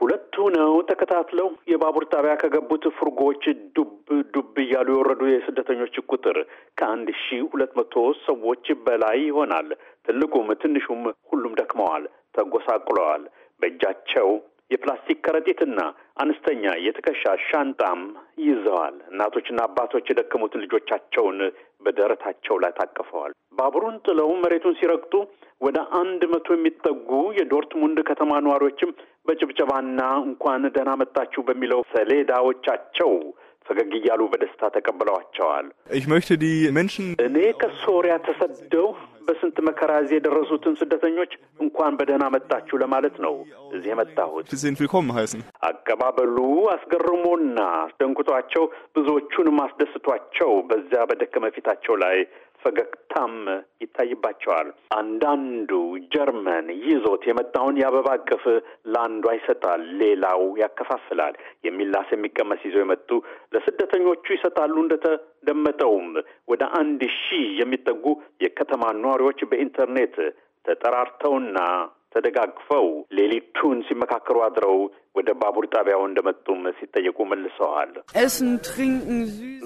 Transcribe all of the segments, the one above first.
ሁለቱ ነው ተከታትለው የባቡር ጣቢያ ከገቡት ፍርጎች ዱብ ዱብ እያሉ የወረዱ የስደተኞች ቁጥር ከአንድ ሺ ሁለት መቶ ሰዎች በላይ ይሆናል። ትልቁም ትንሹም ሁሉም ደክመዋል፣ ተጎሳቁለዋል። በእጃቸው የፕላስቲክ ከረጢትና አነስተኛ የትከሻ ሻንጣም ይዘዋል። እናቶችና አባቶች የደከሙትን ልጆቻቸውን በደረታቸው ላይ ታቅፈዋል። ባቡሩን ጥለው መሬቱን ሲረግጡ ወደ አንድ መቶ የሚጠጉ የዶርትሙንድ ከተማ ነዋሪዎችም በጭብጨባና እንኳን ደህና መጣችሁ በሚለው ሰሌዳዎቻቸው ፈገግ እያሉ በደስታ ተቀብለዋቸዋል። ich möchte እኔ ከሶሪያ ተሰደው በስንት መከራ እዚህ የደረሱትን ስደተኞች እንኳን በደህና መጣችሁ ለማለት ነው እዚህ የመጣሁት። አቀባበሉ አስገርሞና አስደንግጧቸው ብዙዎቹን ማስደስቷቸው በዚያ በደከመ ፊታቸው ላይ ፈገግታም ይታይባቸዋል። አንዳንዱ ጀርመን ይዞት የመጣውን የአበባ እቅፍ ለአንዷ ይሰጣል፣ ሌላው ያከፋፍላል። የሚላስ የሚቀመስ ይዘው የመጡ ለስደተኞቹ ይሰጣሉ። እንደተደመጠውም ወደ አንድ ሺህ የሚጠጉ የከተማ ነዋሪዎች በኢንተርኔት ተጠራርተውና ተደጋግፈው ሌሊቱን ሲመካከሩ አድረው ወደ ባቡር ጣቢያው እንደመጡም ሲጠየቁ መልሰዋል።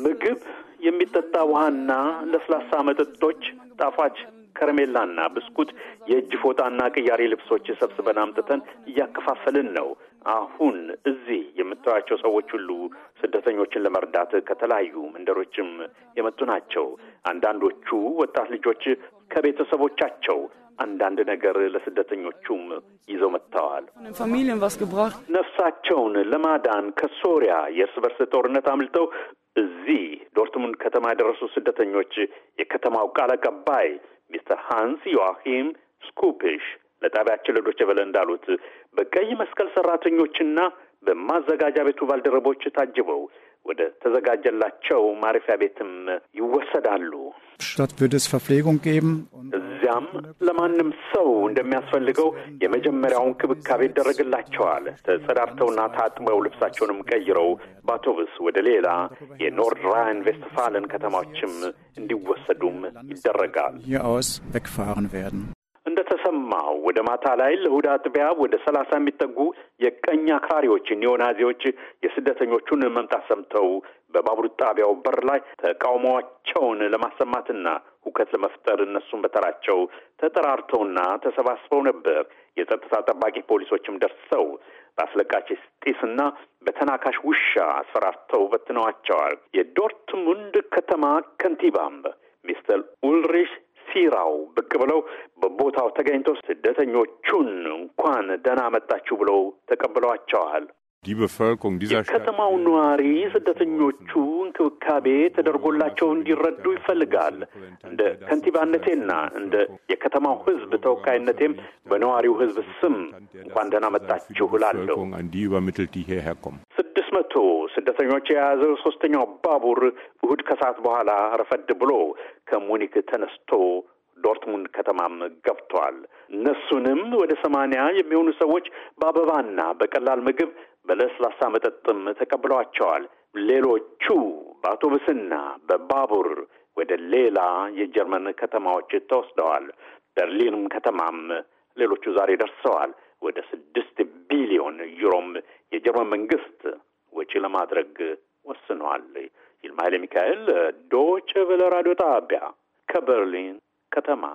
ምግብ የሚጠጣ ውሃና ለስላሳ መጠጦች፣ ጣፋጭ ከረሜላና ብስኩት፣ የእጅ ፎጣና ቅያሬ ልብሶች ሰብስበን አምጥተን እያከፋፈልን ነው። አሁን እዚህ የምታዩቸው ሰዎች ሁሉ ስደተኞችን ለመርዳት ከተለያዩ መንደሮችም የመጡ ናቸው። አንዳንዶቹ ወጣት ልጆች ከቤተሰቦቻቸው አንዳንድ ነገር ለስደተኞቹም ይዘው መጥተዋል። ነፍሳቸውን ለማዳን ከሶሪያ የእርስ በርስ ጦርነት አምልጠው እዚህ ዶርትሙንድ ከተማ የደረሱ ስደተኞች የከተማው ቃል አቀባይ ሚስተር ሃንስ ዮአሂም ስኩፒሽ ለጣቢያችን ለዶቼ ቬለ እንዳሉት በቀይ መስቀል ሰራተኞችና በማዘጋጃ ቤቱ ባልደረቦች ታጅበው ወደ ተዘጋጀላቸው ማረፊያ ቤትም ይወሰዳሉ። ያም ለማንም ሰው እንደሚያስፈልገው የመጀመሪያውን ክብካቤ ይደረግላቸዋል። ተጸዳርተውና ታጥበው ልብሳቸውንም ቀይረው በአውቶቡስ ወደ ሌላ የኖርድ ራይን ቬስትፋለን ከተማዎችም እንዲወሰዱም ይደረጋል። እንደተሰማው ወደ ማታ ላይ ለእሁድ አጥቢያ ወደ ሰላሳ የሚጠጉ የቀኝ አክራሪዎች ኒዮናዚዎች የስደተኞቹን መምጣት ሰምተው በባቡር ጣቢያው በር ላይ ተቃውሟቸውን ለማሰማትና ሁከት ለመፍጠር እነሱም በተራቸው ተጠራርተውና ተሰባስበው ነበር። የጸጥታ ጠባቂ ፖሊሶችም ደርሰው በአስለቃች ጢስና በተናካሽ ውሻ አስፈራርተው በትነዋቸዋል። የዶርትሙንድ ከተማ ከንቲባም ሚስተር ኡልሪሽ ሲራው ብቅ ብለው በቦታው ተገኝተው ስደተኞቹን እንኳን ደህና መጣችሁ ብለው ተቀብለዋቸዋል። Die የከተማው ነዋሪ ስደተኞቹ እንክብካቤ ተደርጎላቸው እንዲረዱ ይፈልጋል። እንደ ከንቲባነቴና እንደ የከተማው ሕዝብ ተወካይነቴም በነዋሪው ሕዝብ ስም እንኳን ደህና መጣችሁ እላለሁ። ስድስት መቶ ስደተኞች የያዘው ሶስተኛው ባቡር እሁድ ከሰዓት በኋላ ረፈድ ብሎ ከሙኒክ ተነስቶ ዶርትሙንድ ከተማም ገብቷል። እነሱንም ወደ ሰማንያ የሚሆኑ ሰዎች በአበባና በቀላል ምግብ በለስላሳ መጠጥም ተቀብለዋቸዋል። ሌሎቹ በአውቶቡስና በባቡር ወደ ሌላ የጀርመን ከተማዎች ተወስደዋል። በርሊንም ከተማም ሌሎቹ ዛሬ ደርሰዋል። ወደ ስድስት ቢሊዮን ዩሮም የጀርመን መንግስት ወጪ ለማድረግ ወስኗል። ይልማ ኃይለ ሚካኤል ዶች ራዲዮ ጣቢያ ከበርሊን ከተማ